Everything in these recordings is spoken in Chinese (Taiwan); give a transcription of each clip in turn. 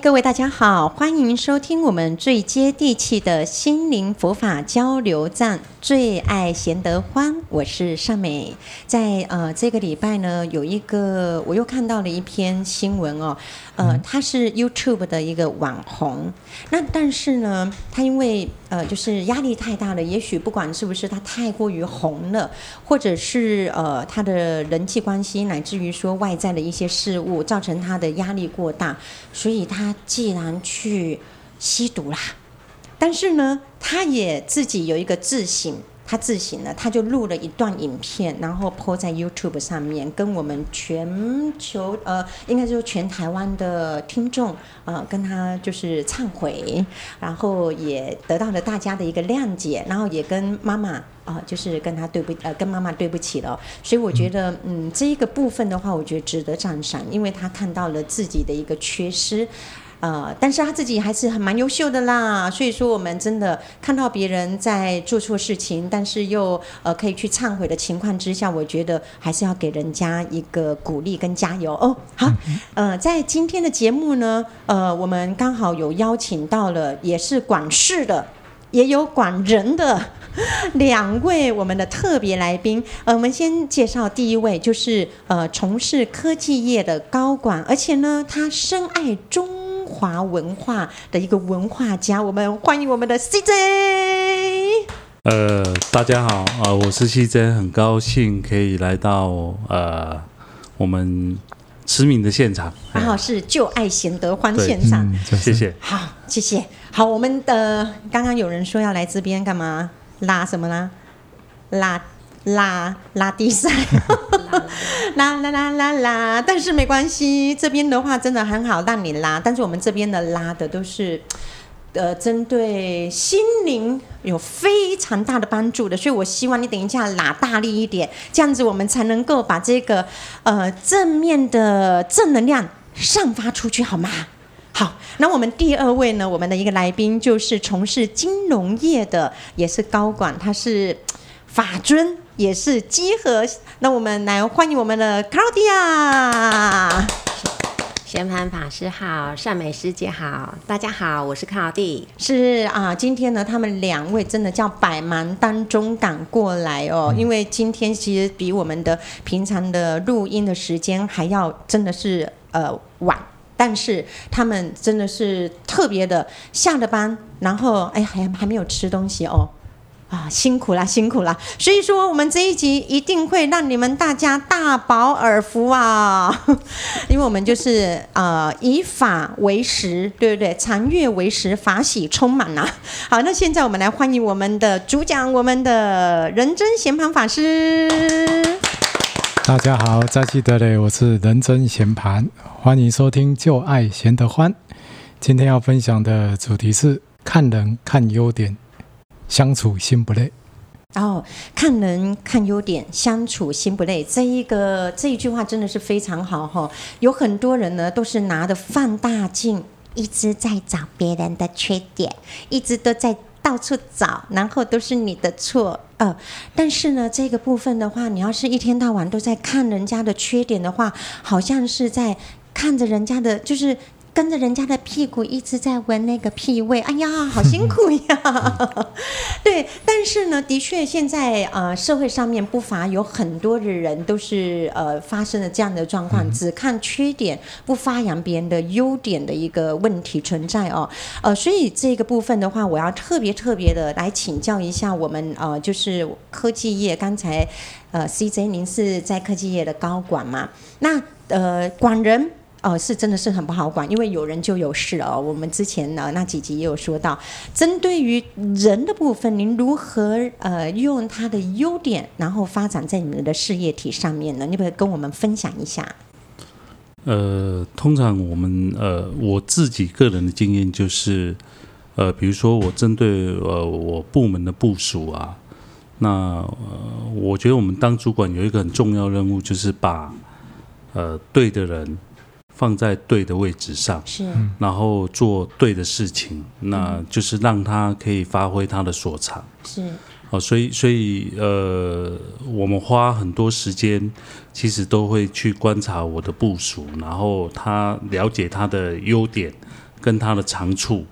各位大家好，歡迎收聽我們最接地氣的心靈佛法交流站。就愛賢得歡，我是尚美。在呃這個禮拜呢，有一個我又看到了一篇新聞哦，呃，他是 YouTube 的一個網紅，那但是呢，他因為。呃，就是壓力太大了，也許不管是不是他太過於紅了，或者是呃他的人際關係，乃至於說外在的一些事物，造成他的壓力過大，所以他既然去吸毒啦，但是呢，他也自己有一個自省。他自省了，他就錄了一段影片，然後 po 在 YouTube 上面，跟我們全球呃，應該說全台灣的聽眾，呃，跟他就是懺悔，然後也得到了大家的一個諒解，然後也跟媽媽啊、呃，就是跟他對不呃，跟媽媽對不起了。所以我覺得，嗯，嗯，這一個部分的話，我覺得值得讚賞，因為他看到了自己的一個缺失。呃，但是他自己還是很蠻優秀的啦，所以說我們真的看到別人在做錯事情，但是又呃可以去懺悔的情況之下，我覺得還是要給人家一個鼓勵跟加油哦。Oh, 好，呃，在今天的節目呢，呃，我們剛好有邀請到了，也是管事的，也有管人的兩位我們的特別來賓。呃，我們先介紹第一位，就是呃從事科技業的高管，而且呢，他深愛中。華文化的一個文化家，我們歡迎我們的 CJ。呃，大家好啊，呃，我是 CJ，很高興可以來到呃我們持明的現場，呃、然後是就愛賢得歡現場，謝謝，好謝謝，好，我們的剛剛有人說要來這邊幹嘛？拉什麼啦拉。拉拉第三，拉拉拉拉拉，但是沒關係，這邊的話真的很好讓你拉，但是我們這邊的拉的都是，呃，針對心靈有非常大的幫助的，所以我希望你等一下拉大力一點，這樣子我們才能夠把這個呃正面的正能量散發出去，好嗎？好，那我們第二位呢，我們的一個來賓就是從事金融業的，也是高管，他是法遵。也是集合，那我們來歡迎我們的 Claudia 啊！賢槃法師好，善美師姐好，大家好，我是 Claudia。是啊，今天呢，他們兩位真的叫百忙當中趕過來哦，嗯、因為今天其實比我們的平常的錄音的時間還要真的是呃晚，但是他們真的是特別的下了班，然後哎還還沒有吃東西哦。啊，辛苦了，辛苦了！所以說，我們這一集一定會讓你們大家大飽耳福啊，因為我們就是啊、呃，以法為食，對不對？禪悅為食，法喜充滿啊！好，那現在我們來歡迎我們的主講，我們的仁增賢槃法師。大家好，扎西德勒，我是仁增賢槃，歡迎收聽《就愛賢得歡》。今天要分享的主題是看人看優點，相處心不累哦，看人看優點，相處心不累這一個這一句話真的是非常好哈、哦。有很多人呢，都是拿着放大鏡，一直在找別人的缺點，一直都在到處找，然後都是你的錯呃，但是呢，這個部分的話，你要是一天到晚都在看人家的缺點的話，好像是在看着人家的，就是。跟着人家的屁股一直在聞那個屁味，哎呀，好辛苦呀！對，但是呢，的確現在啊，呃，社會上面不乏有很多的人都是呃發生了這樣的狀況，只看缺點不發揚別人的優點的一個問題存在哦。呃，所以這個部分的話，我要特別特別的來請教一下我們呃，就是科技業，剛才呃，CJ 您是在科技業的高管嘛？那呃，管人。哦，是真的是很不好管，因為有人就有事哦。我們之前呢，那幾集也有說到，針對於人的部分，您如何呃用他的優點，然後發展在你們的事業體上面呢？你可不可以跟我們分享一下？呃，通常我們呃我自己個人的經驗就是，呃，比如說我針對呃我部門的部署啊，那呃我覺得我們當主管有一個很重要任務，就是把呃對的人。放在對的位置上，是的，嗯、然後做對的事情，那就是讓他可以發揮他的所長，是。哦，所以，所以，呃，我們花很多時間，其實都會去觀察我的部屬，然後他了解他的優點跟他的長處，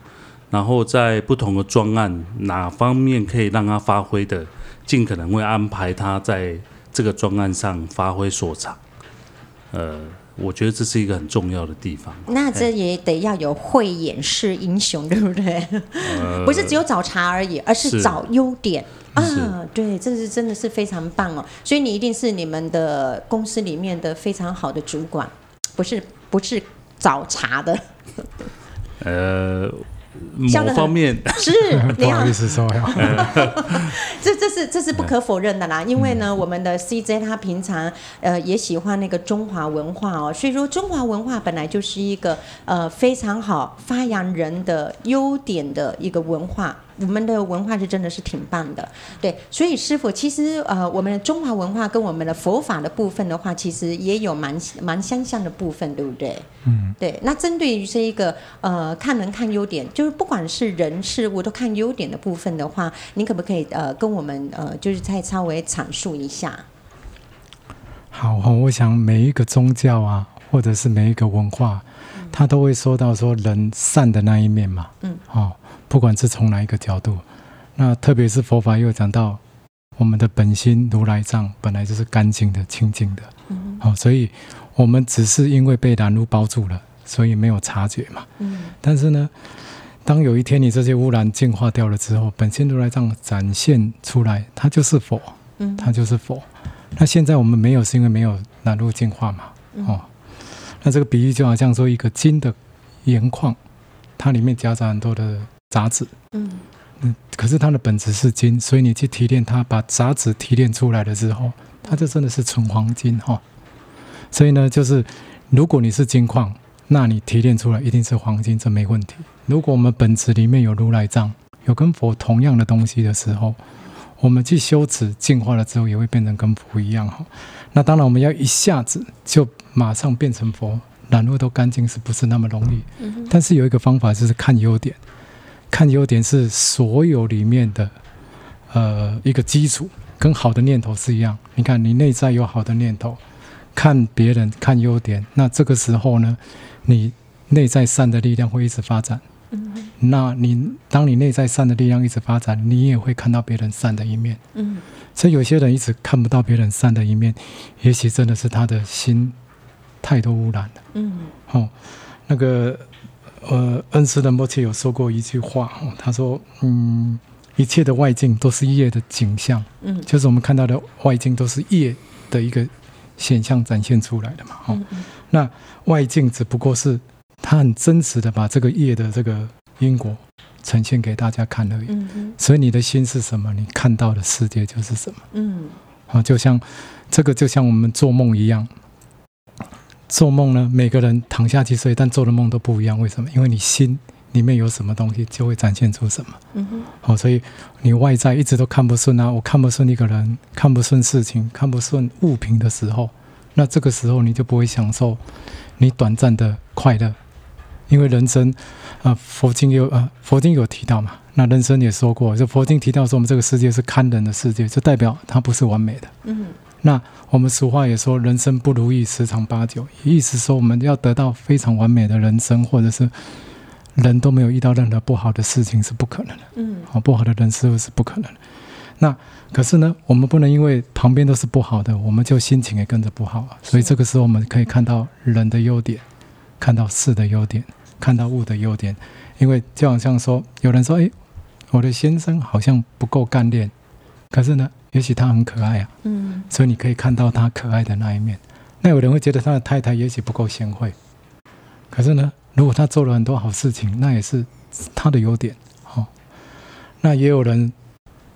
然後在不同的專案哪方面可以讓他發揮的，盡可能會安排他在這個專案上發揮所長，呃。我覺得這是一個很重要的地方。那這也得要有慧眼識英雄，對不對？呃、不是只有找茬而已，而是找優點是啊！是對，這是真的是非常棒哦。所以你一定是你們的公司裡面的非常好的主管，不是不是找茬的。呃。某方面得是好不好意思說，這 這是這是不可否認的啦。因為呢，我們的 CJ 他平常呃也喜歡那個中華文化哦，所以說中華文化本來就是一個呃非常好發揚人的優點的一個文化。我們的文化是真的是挺棒的，對，所以師父，其實呃，我們的中華文化跟我們的佛法的部分的話，其實也有蠻蠻相像的部分，對不對？嗯，對。那針對於這一個呃，看人看優點，就是不管是人事物都看優點的部分的話，您可不可以呃，跟我們呃，就是再稍微闡述一下？好，我想每一個宗教啊，或者是每一個文化。他都會說到說人善的那一面嘛，嗯，好、哦，不管是從哪一個角度，那特別是佛法又講到我們的本心如來藏本來就是乾淨的清淨的，嗯，好、哦，所以我們只是因為被攔路包住了，所以沒有察覺嘛，嗯，但是呢，當有一天你這些污染淨化掉了之後，本心如來藏展現出來它，它就是佛，嗯，它就是佛，那現在我們沒有是因為沒有攔路淨化嘛，哦。那這個比喻就好像說一個金的鹽礦，它裡面夾雜很多的雜質，嗯嗯，可是它的本質是金，所以你去提煉它，把雜質提煉出來的時候，它就真的是純黃金哈、哦。所以呢，就是如果你是金礦，那你提煉出來一定是黃金，這沒問題。如果我們本質裡面有如來藏，有跟佛同樣的東西的時候。我們去修持，進化了之後也會變成跟佛一樣哈。那當然，我們要一下子就馬上變成佛，然後都乾淨，是不是那麼容易？但是有一個方法，就是看優點。看優點是所有裡面的呃一個基礎，跟好的念頭是一樣。你看你內在有好的念頭，看別人看優點，那這個時候呢，你內在善的力量會一直發展。那你當你內在善的力量一直發展，你也會看到別人善的一面。嗯哼，所以有些人一直看不到別人善的一面，也許真的是他的心太多污染了。嗯哼、好、哦，那個呃，恩師的仁波切有說過一句話、哦，他說：嗯，一切的外境都是業的景象。嗯哼，就是我們看到的外境都是業的一個現象展現出來的嘛。好、哦，嗯、哼那外境只不過是。他很真實的把這個業的這個因果呈現給大家看而已。所以你的心是什麼，你看到的世界就是什麼。嗯，好，就像這個就像我們做夢一樣，做夢呢，每個人躺下去睡，但做的夢都不一樣。為什麼？因為你心裡面有什麼東西，就會展現出什麼。嗯哼。好，所以你外在一直都看不順啊，我看不順一個人，看不順事情，看不順物品的時候，那這個時候你就不會享受你短暫的快樂。因為人生，啊、呃，佛經有啊、呃，佛經有提到嘛。那人生也說過，就佛經提到說我們這個世界是堪忍的世界，就代表它不是完美的。嗯哼。那我們俗話也說，人生不如意十常八九，意思說我們要得到非常完美的人生，或者是人都沒有遇到任何不好的事情是不可能的。嗯哼。好、哦，不好的人是不是不可能的？那可是呢，我們不能因為旁邊都是不好的，我們就心情也跟着不好了、啊。所以這個時候我們可以看到人的優點。嗯嗯看到事的優點，看到物的優點，因為就好像說，有人說：“誒、欸，我的先生好像不夠幹練，可是呢，也許他很可愛啊。”嗯，所以你可以看到他可愛的那一面。那有人會覺得他的太太也許不夠賢惠，可是呢，如果他做了很多好事情，那也是他的優點。好、哦，那也有人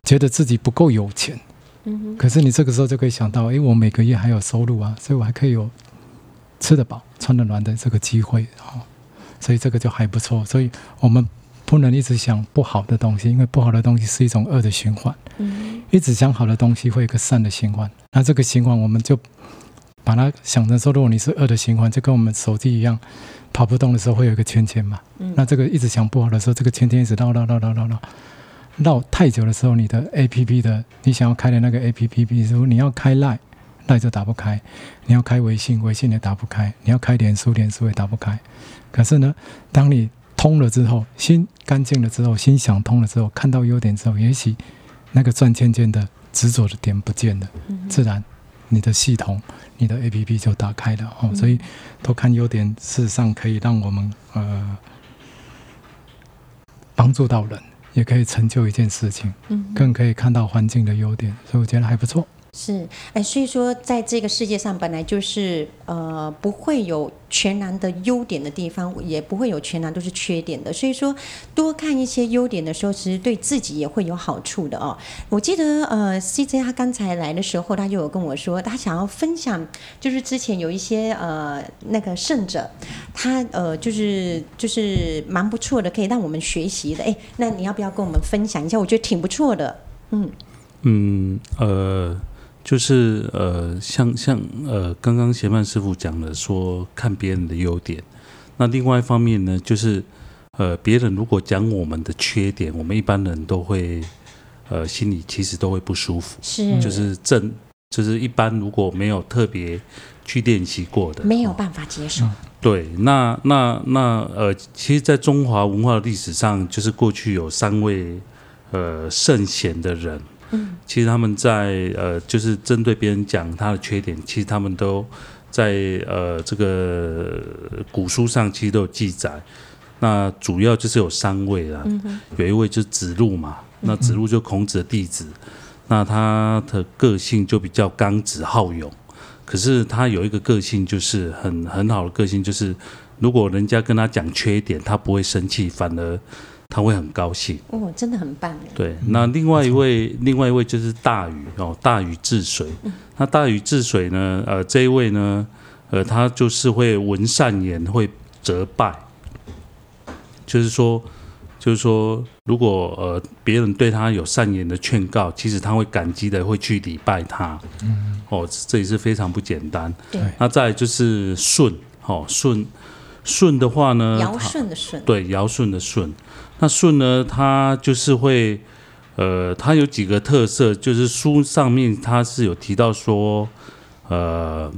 覺得自己不夠有錢，嗯哼，可是你這個時候就可以想到：“誒、欸，我每個月還有收入啊，所以我還可以有。”吃得飽、穿得暖的這個機會啊、哦，所以這個就還不錯。所以我們不能一直想不好的東西，因為不好的東西是一種惡的循環。嗯、一直想好的東西會有一個善的循環。那這個循環，我們就把它想成說，如果你是惡的循環，就跟我們手機一樣，跑不動的時候會有一個圈圈嘛。嗯、那這個一直想不好的時候，這個圈圈一直繞繞繞繞繞繞，繞太久的時候，你的 APP 的你想要開的那個 APP，比如說你要開 Line。再就打不開，你要開微信，微信也打不開；你要開臉書，臉書也打不開。可是呢，當你通了之後，心乾淨了之後，心想通了之後，看到優點之後，也許那個轉圈圈的執着的點不見了，嗯、哼自然你的系統、你的 APP 就打開了哦。嗯、所以，多看優點，事實上可以讓我們呃幫助到人，也可以成就一件事情，更可以看到環境的優點。所以我覺得還不錯。是，哎，所以說，在這個世界上，本來就是呃，不會有全然的優點的地方，也不會有全然都是缺點的。所以說，多看一些優點的時候，其實對自己也會有好處的哦。我記得呃，CJ 他剛才來的時候，他就有跟我說，他想要分享，就是之前有一些呃那個聖者，他呃就是就是蠻不錯的，可以讓我們學習的。哎，那你要不要跟我們分享一下？我覺得挺不錯的。嗯嗯呃。就是呃，像像呃，剛剛賢槃師父講的，說看別人的優點。那另外一方面呢，就是呃，別人如果講我們的缺點，我們一般人都會呃，心裡其實都會不舒服。是。就是正，就是一般如果沒有特別去練習過的，沒有辦法接受。對，那那那呃，其實，在中華文化的歷史上，就是過去有三位呃聖賢的人。嗯、其實他們在呃，就是針對別人講他的缺點，其實他們都在呃這個古書上其實都有記載。那主要就是有三位啊，嗯哼有一位就是子路嘛。那子路就是孔子的弟子，嗯哼那他的個性就比較剛直好勇。可是他有一個個性就是很很好的個性，就是如果人家跟他講缺點，他不會生氣，反而。他會很高興哦，真的很棒。對，那另外一位，另外一位就是大禹哦，大禹治水。那大禹治水呢？呃，這一位呢？呃，他就是會聞善言會則拜，就是說，就是說，如果呃別人對他有善言的勸告，其實他會感激的，會去禮拜他。哦，這也是非常不簡單。對，那再就是舜，好舜，舜的話呢？堯舜的舜。對，堯舜的舜。那舜呢？他就是會，呃，他有幾個特色，就是書上面他是有提到說，呃，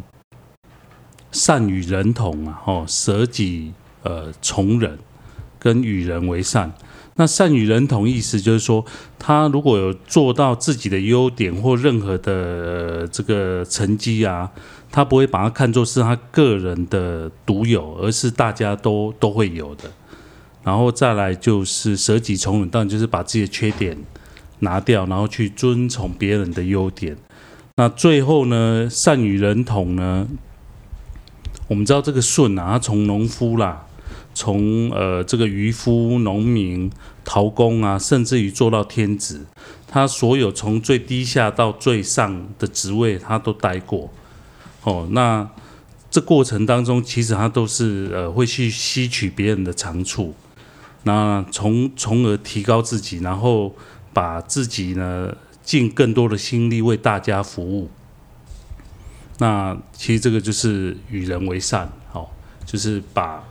善與人同啊，吼，捨己呃從人，跟與人為善。那善與人同意思就是說，他如果有做到自己的優點或任何的這個成績啊，他不會把它看作是他個人的獨有，而是大家都都會有的。然後再來就是捨己從人，當然就是把自己的缺點拿掉，然後去遵從別人的優點。那最後呢，善與人同呢？我們知道這個舜啊，他從農夫啦，從呃這個漁夫、農民、陶工啊，甚至於做到天子，他所有從最低下到最上的職位，他都待過。哦，那這過程當中，其實他都是呃會去吸取別人的長處。那從從而提高自己，然後把自己呢，盡更多的心力為大家服務。那其實這個就是與人為善，好，就是把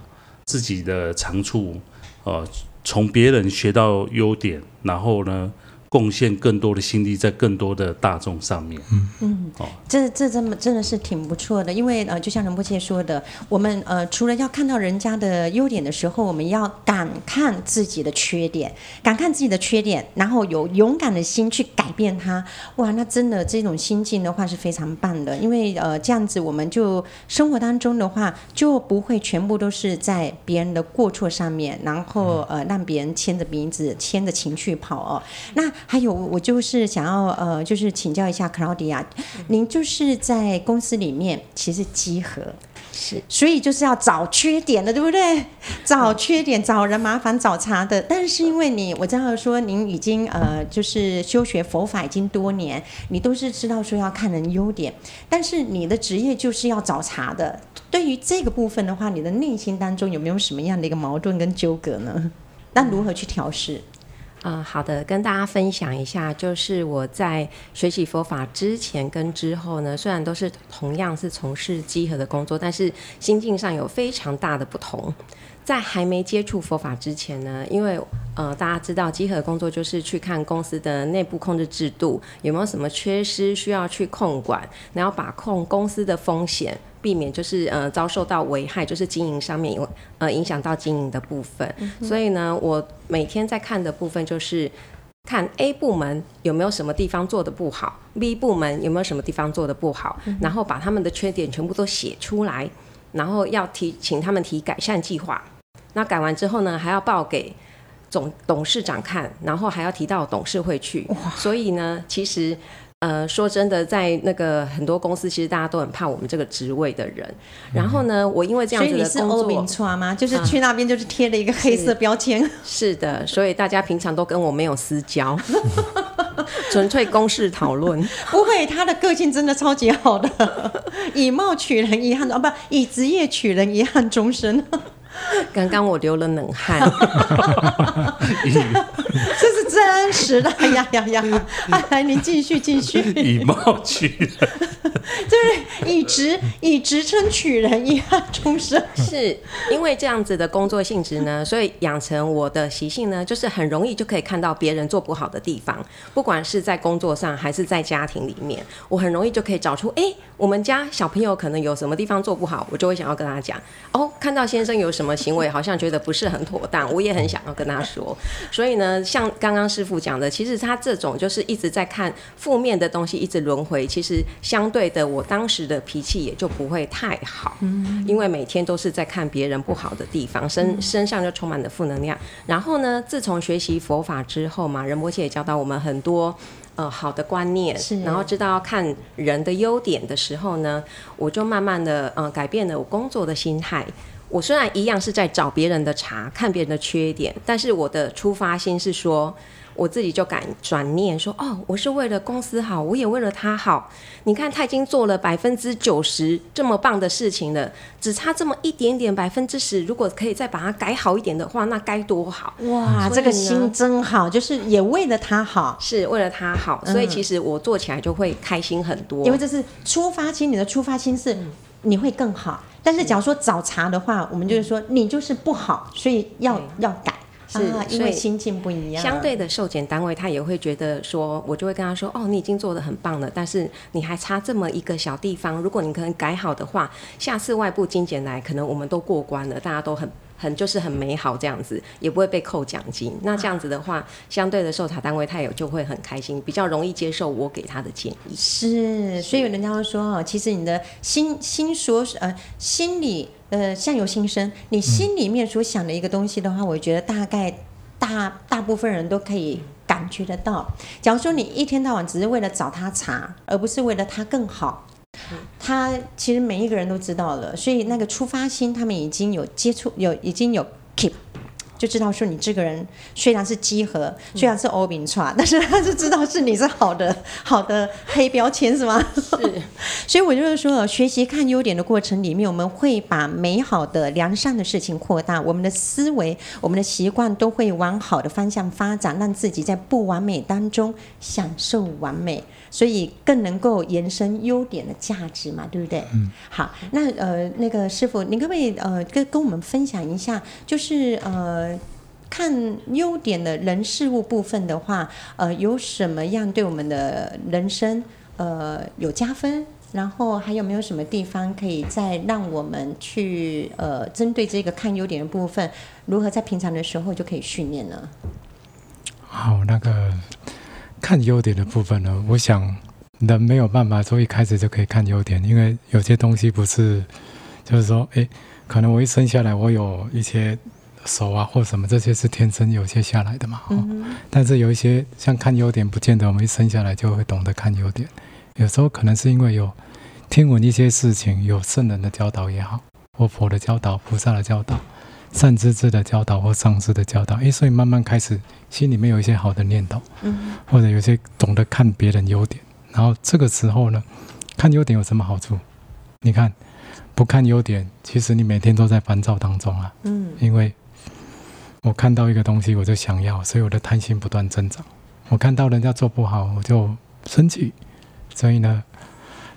自己的長處哦，呃、從別人學到優點，然後呢，貢獻更多的心力在更多的大眾上面。嗯嗯，哦，嗯、這這這麼真的是挺不錯的，因為呃，就像仁波切說的，我們呃除了要看到人家的優點的時候，我們要敢看自己的缺點，敢看自己的缺點，然後有勇敢的心去改變它。哇，那真的這種心境的話是非常棒的，因為呃這樣子我們就生活當中的話就不會全部都是在別人的過錯上面，然後呃讓別人牽着鼻子牽着情緒跑哦。那還有，我就是想要呃，就是請教一下 Claudia，您就是在公司裡面其實稽核，是，所以就是要找缺點的，對不對？找缺點，找人麻煩，找茬的。但是因為你我這樣說，您已經呃，就是修學佛法已經多年，你都是知道說要看人優點。但是你的職業就是要找茬的，對於這個部分的話，你的內心當中有沒有什麼樣的一個矛盾跟糾葛呢？那如何去調試？嗯、呃，好的，跟大家分享一下，就是我在學習佛法之前跟之後呢，雖然都是同樣是從事稽核的工作，但是心境上有非常大的不同。在還沒接觸佛法之前呢，因為呃大家知道稽核工作就是去看公司的內部控制制度有沒有什麼缺失，需要去控管，然後把控公司的風險。避免就是呃遭受到危害，就是經營上面有呃影響到經營的部分。嗯、哼所以呢，我每天在看的部分就是看 A 部門有沒有什麼地方做得不好，B 部門有沒有什麼地方做得不好，嗯、哼然後把他們的缺點全部都寫出來，然後要提請他們提改善計劃。那改完之後呢，還要報給總董事長看，然後還要提到董事會去。哇所以呢，其實。呃，說真的，在那個很多公司，其實大家都很怕我們這個職位的人。嗯，然後呢，我因為這樣子的工作是歐明川嗎？就是去那邊就是貼了一個黑色標籤，嗯。是的，所以大家平常都跟我沒有私交，純 粹公事討論。 不會，他的個性真的超級好的，以貌取人遺憾啊，不以職業取人遺憾終身。 剛剛我流了冷汗。 這是。真是的呀呀呀！來、 哎，你繼續繼續。續，以貌取人，就 是以職，以職稱取人一呀，終身。是因為這樣子的工作性質呢，所以養成我的習性呢，就是很容易就可以看到別人做不好的地方，不管是在工作上還是在家庭裡面，我很容易就可以找出。哎、欸，我們家小朋友可能有什麼地方做不好，我就會想要跟他講。哦，看到先生有什麼行為，好像覺得不是很妥當，我也很想要跟他說。所以呢，像剛剛。張師傅講的，其實他這種就是一直在看負面的東西，一直輪回。其實相對的，我當時的脾氣也就不會太好，嗯、因為每天都是在看別人不好的地方，身身上就充滿了負能量。嗯、然後呢，自從學習佛法之後嘛，仁波切也教導我們很多呃好的觀念，啊、然後知道要看人的優點的時候呢，我就慢慢的、呃、改變了我工作的心態。我雖然一樣是在找別人的茬，看別人的缺點，但是我的出發心是說，我自己就敢轉念說，哦，我是為了公司好，我也為了他好。你看，他已經做了百分之九十這麼棒的事情了，只差這麼一點點百分之十，如果可以再把它改好一點的話，那該多好！哇，這個心真好，就是也為了他好，是為了他好，嗯、所以其實我做起來就會開心很多，因為這是出發心，你的出發心是。你會更好，但是假如說找茬的話，是我們就是說、嗯、你就是不好，所以要對要改，是，啊、以因為心境不一樣。相對的，受檢單位他也會覺得說，我就會跟他說，哦，你已經做得很棒了，但是你還差這麼一個小地方，如果你可能改好的話，下次外部稽核來，可能我們都過關了，大家都很。很就是很美好這樣子，也不會被扣獎金。嗯、那這樣子的話，相對的受查單位他也就會很開心，比較容易接受我給他的建議。是，所以有人家會說哦，其實你的心心所呃心裡呃相由心生，你心裡面所想的一個東西的話，嗯、我覺得大概大大部分人都可以感覺得到。假如說你一天到晚只是為了找他茬，而不是為了他更好。嗯、他其實每一個人都知道了，所以那個出發心，他們已經有接觸，有已經有 keep，就知道說你這個人雖然是稽核，嗯、雖然是歐 p e n t r，但是他是知道是你是好的， 好的黑標籤是嗎？是。 所以，我就是說，學習看優點的過程裡面，我們會把美好的、良善的事情擴大，我們的思維、我們的習慣都會往好的方向發展，讓自己在不完美當中享受完美。所以更能夠延伸優點的價值嘛，對不對？嗯。好，那呃，那個師父，你可不可以呃，跟跟我們分享一下，就是呃，看優點的人事物部分的話，呃，有什麼樣對我們的人生呃有加分？然後還有沒有什麼地方可以再讓我們去呃，針對這個看優點的部分，如何在平常的時候就可以訓練呢？好、哦，那個。看優點的部分呢，我想人沒有辦法說一開始就可以看優點，因為有些東西不是，就是說，誒，可能我一生下來我有一些手啊或什麼，這些是天生有些下來的嘛。嗯、哼但是有一些像看優點，不見得我們一生下來就會懂得看優點，有時候可能是因為有聽聞一些事情，有聖人的教導也好，或佛的教導、菩薩的教導。善知識的教導或上師的教導，誒、欸，所以慢慢開始心裡面有一些好的念頭，嗯、哼或者有些懂得看別人優點。然後這個時候呢，看優點有什麼好處？你看，不看優點，其實你每天都在煩躁當中啊。嗯，因為我看到一個東西我就想要，所以我的貪心不斷增長。我看到人家做不好我就生氣，所以呢，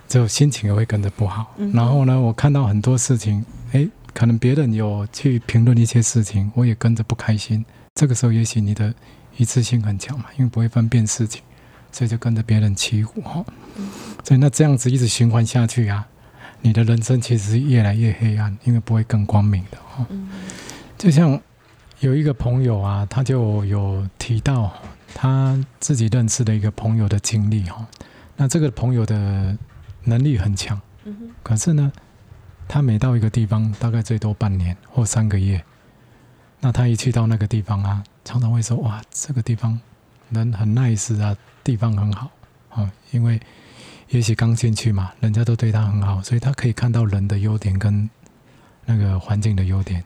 就心情也會跟着不好。嗯、哼然後呢，我看到很多事情，誒、欸。可能別人有去評論一些事情，我也跟着不開心。這個時候，也許你的一致性很強嘛，因為不會分辨事情，所以就跟着別人起哄。嗯、所以那這樣子一直循環下去啊，你的人生其實是越來越黑暗，因為不會更光明的哈。嗯、就像有一個朋友啊，他就有提到他自己認識的一個朋友的經歷哈。那這個朋友的能力很強，可是呢，他每到一個地方，大概最多半年或三個月。那他一去到那個地方啊，常常會說：“哇，這個地方人很 nice 啊，地方很好啊。”哦，因為也許剛進去嘛，人家都對他很好，所以他可以看到人的優點跟那個環境的優點。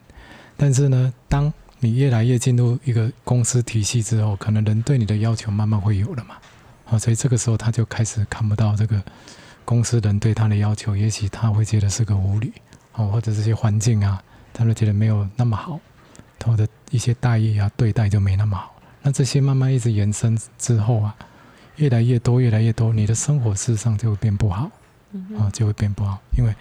但是呢，當你越來越進入一個公司體系之後，可能人對你的要求慢慢會有了嘛，好、哦，所以這個時候他就開始看不到這個。公司人對他的要求，也許他會覺得是個無理，哦，或者這些環境啊，他都覺得沒有那麼好，他的一些待遇啊，對待就沒那麼好。那這些慢慢一直延伸之後啊，越來越多，越來越多，你的生活事實上就會變不好，啊、哦，就會變不好，因為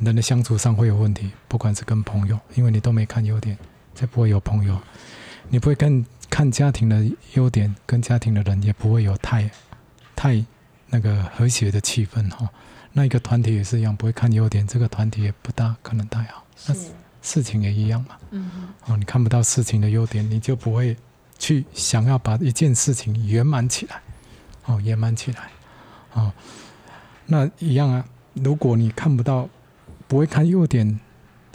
人的相處上會有問題，不管是跟朋友，因為你都沒看優點，就不會有朋友；你不會跟看家庭的優點，跟家庭的人也不會有太太。那個和諧的氣氛哈、哦，那一個團體也是一樣，不會看優點，這個團體也不大可能太好。是那事情也一樣嘛，嗯、哼哦，你看不到事情的優點，你就不會去想要把一件事情圓滿起來，哦，圓滿起來、哦，那一樣啊。如果你看不到，不會看優點，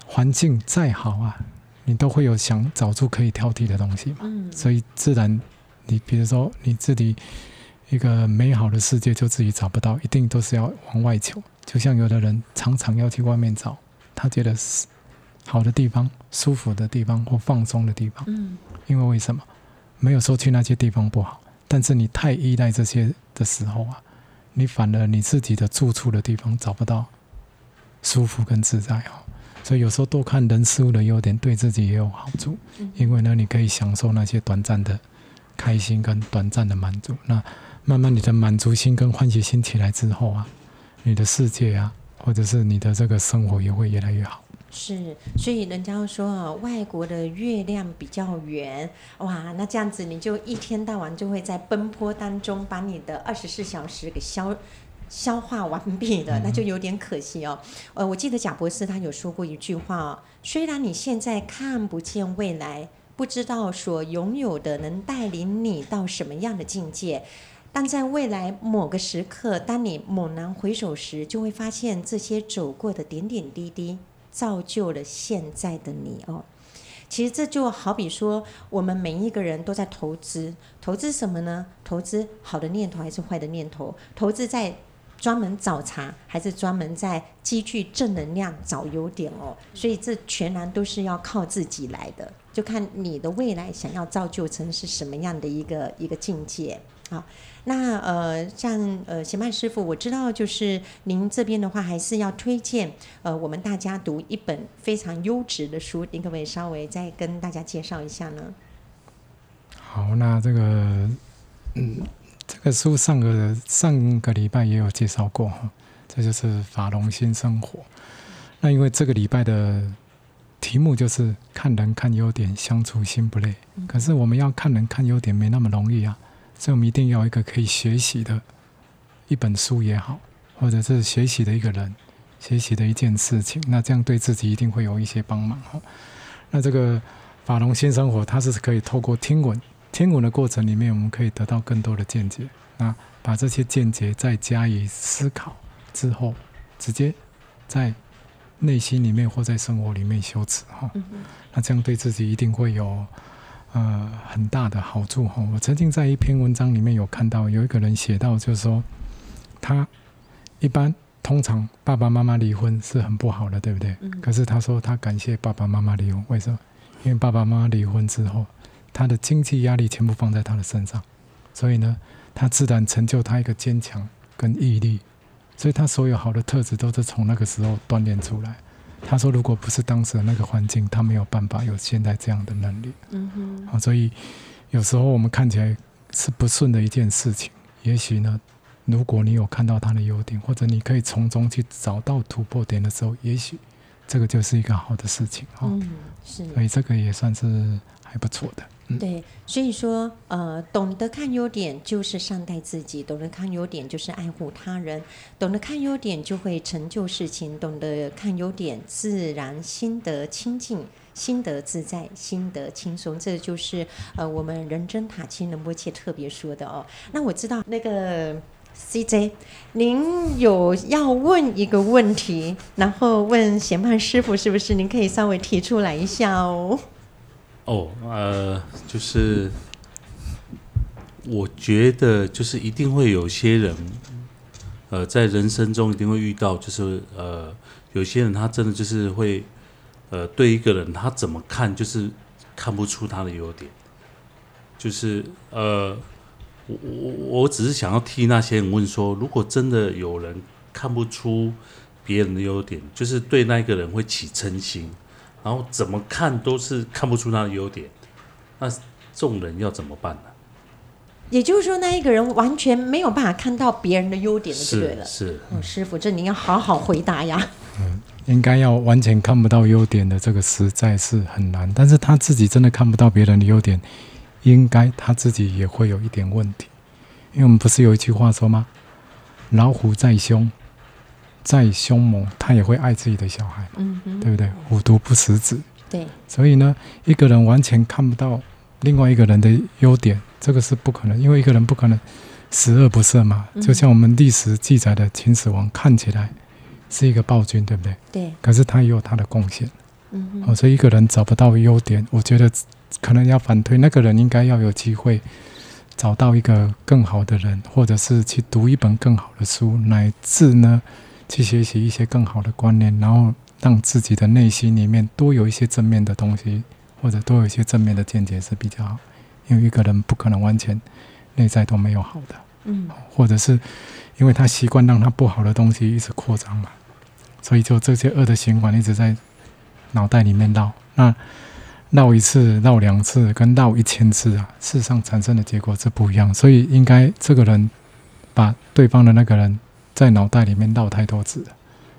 環境再好啊，你都會有想找出可以挑剔的東西嘛。嗯、所以自然你，你比如說你自己。一個美好的世界，就自己找不到，一定都是要往外求。就像有的人常常要去外面找，他覺得是好的地方、舒服的地方或放鬆的地方。嗯，因為為什麼？沒有說去那些地方不好，但是你太依賴這些的時候啊，你反而你自己的住處的地方找不到舒服跟自在哦，所以有時候多看人事物的優點，對自己也有好處。因為呢，你可以享受那些短暫的開心跟短暫的滿足。那慢慢你的滿足心跟歡喜心起來之後啊，你的世界啊，或者是你的這個生活也會越來越好。是，所以人家說啊，外國的月亮比較圓哇，那這樣子你就一天到晚就會在奔波當中把你的二十四小時給消消化完畢的，那就有點可惜哦。呃，我記得賈博士他有說過一句話，雖然你現在看不見未來，不知道所擁有的能帶領你到什麼樣的境界。但在未來某個時刻，當你猛然回首時，就會發現這些走過的點點滴滴，造就了現在的你哦。其實這就好比說，我們每一個人都在投資，投資什麼呢？投資好的念頭還是壞的念頭？投資在專門找茬，還是專門在積聚正能量找優點哦？所以這全然都是要靠自己來的，就看你的未來想要造就成是什麼樣的一個一個境界。好，那呃，像呃，賢槃師傅，我知道就是您這邊的話，還是要推薦呃，我們大家讀一本非常優質的書，您可不可以稍微再跟大家介紹一下呢？好，那這個，嗯，這個書上個上個禮拜也有介紹過哈，這就是《法融心生活》。嗯、那因為這個禮拜的題目就是看人看優點，相處心不累，嗯、可是我們要看人看優點沒那麼容易啊。所以我們一定要有一個可以學習的一本書也好，或者是學習的一個人、學習的一件事情，那這樣對自己一定會有一些幫忙哈。那這個法融心生活，它是可以透過聽聞，聽聞的過程裡面，我們可以得到更多的見解。那把這些見解再加以思考之後，直接在內心裡面或在生活裡面修持哈，那這樣對自己一定會有。呃，很大的好處哈。我曾經在一篇文章裡面有看到，有一個人寫到，就是說，他一般通常爸爸媽媽離婚是很不好的，對不對？可是他說他感謝爸爸媽媽離婚，為什麼？因為爸爸媽媽離婚之後，他的經濟壓力全部放在他的身上，所以呢，他自然成就他一個堅強跟毅力，所以他所有好的特質都是從那個時候鍛鍊出來。他說：“如果不是當時的那個環境，他沒有辦法有現在這樣的能力。啊、嗯哼，所以有時候我們看起來是不順的一件事情，也許呢，如果你有看到他的優點，或者你可以從中去找到突破點的時候，也許這個就是一個好的事情啊、嗯。是，所以這個也算是還不錯的。”對，所以說，呃，懂得看優點就是善待自己；懂得看優點就是愛護他人；懂得看優點就會成就事情；懂得看優點，自然心得清淨，心得自在，心得輕鬆。這就是呃，我們仁增塔欽仁波切特別說的哦。那我知道那個 CJ，您有要問一個問題，然後問賢槃師父是不是？您可以稍微提出來一下哦。哦，oh, 呃，就是我覺得，就是一定會有些人，呃，在人生中一定會遇到，就是呃，有些人他真的就是會，呃，對一個人他怎麼看，就是看不出他的優點，就是呃，我我我只是想要替那些人問說，如果真的有人看不出別人的優點，就是對那個人會起嗔心，然後怎麼看都是看不出他的優點，那眾人要怎麼辦呢、啊？也就是說，那一個人完全沒有辦法看到別人的優點對了，對是，是哦、師父，這您要好好回答呀。嗯，應該要完全看不到優點的，這個實在是很難。但是他自己真的看不到別人的優點，應該他自己也會有一點問題。因為我們不是有一句話說嗎？老虎在胸。再凶猛，他也會愛自己的小孩，嗯、哼對不對？虎毒不食子。對，所以呢，一個人完全看不到另外一個人的優點，這個是不可能，因為一個人不可能十惡不赦嘛。嗯、哼就像我們歷史記載的秦始皇，看起來是一個暴君，對不對？對。可是他也有他的貢獻。嗯哼、哦、所以一個人找不到優點，我覺得可能要反推，那個人應該要有機會找到一個更好的人，或者是去讀一本更好的書，乃至呢。去學習一些更好的觀念，然後讓自己的內心裡面多有一些正面的東西，或者多有一些正面的見解是比較好。因為一個人不可能完全內在都沒有好的，嗯，或者是因為他習慣讓他不好的東西一直擴張嘛，所以就這些惡的循環一直在腦袋裡面繞。那繞一次、繞兩次，跟繞一千次啊，事實上產生的結果是不一樣。所以應該這個人把對方的那個人。在腦袋裡面繞太多次了，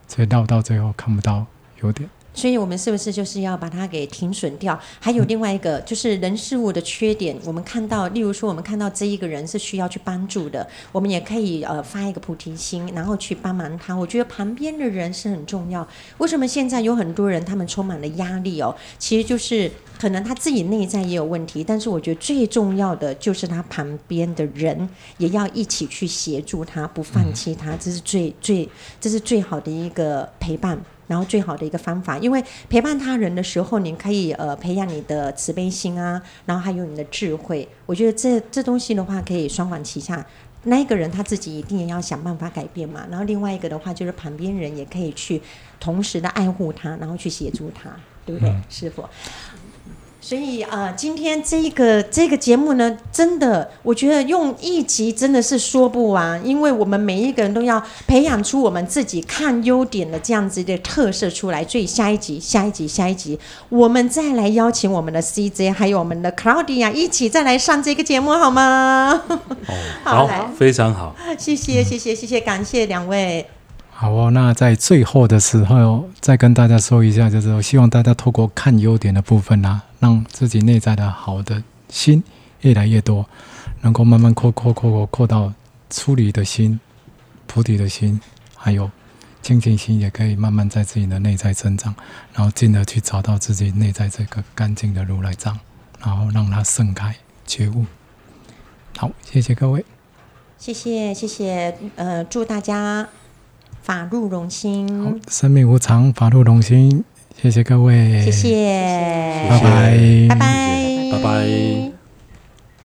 所以繞到最後看不到優點。所以我們是不是就是要把它給停損掉？還有另外一個，就是人事物的缺點，我們看到，例如說，我們看到這一個人是需要去幫助的，我們也可以呃發一個菩提心，然後去幫忙他。我覺得旁邊的人是很重要。為什麼現在有很多人他們充滿了壓力哦？其實就是可能他自己內在也有問題，但是我覺得最重要的就是他旁邊的人也要一起去協助他，不放棄他，嗯、這是最最這是最好的一個陪伴。然後最好的一個方法，因為陪伴他人的時候，你可以呃培養你的慈悲心啊，然後還有你的智慧。我覺得這這東西的話，可以雙管齊下。那一個人他自己一定也要想辦法改變嘛。然後另外一個的話，就是旁邊人也可以去同時的愛護他，然後去協助他，對不對？嗯、師父？所以，呃，今天這一個這個節目呢，真的，我覺得用一集真的是說不完，因為我們每一個人都要培養出我們自己看優點的這樣子的特色出來。所以下一集，下一集，下一集，我們再來邀請我們的 CJ 還有我們的 Claudia 一起再來上這個節目好嗎？Oh, 好，好來非常好，謝謝，謝謝，謝謝，感謝兩位。好哦，那在最後的時候，再跟大家說一下，就是我希望大家透過看優點的部分啦，讓自己內在的好的心越來越多，能夠慢慢擴擴擴擴擴到出離的心、菩提的心，還有清淨心，也可以慢慢在自己的內在增長，然後進而去找到自己內在這個乾淨的如來藏，然後讓它盛開覺悟。好，謝謝各位，謝謝謝謝，呃，祝大家。法入融心，生命無常，法入融心。謝謝各位，謝謝，拜拜，拜拜，拜拜。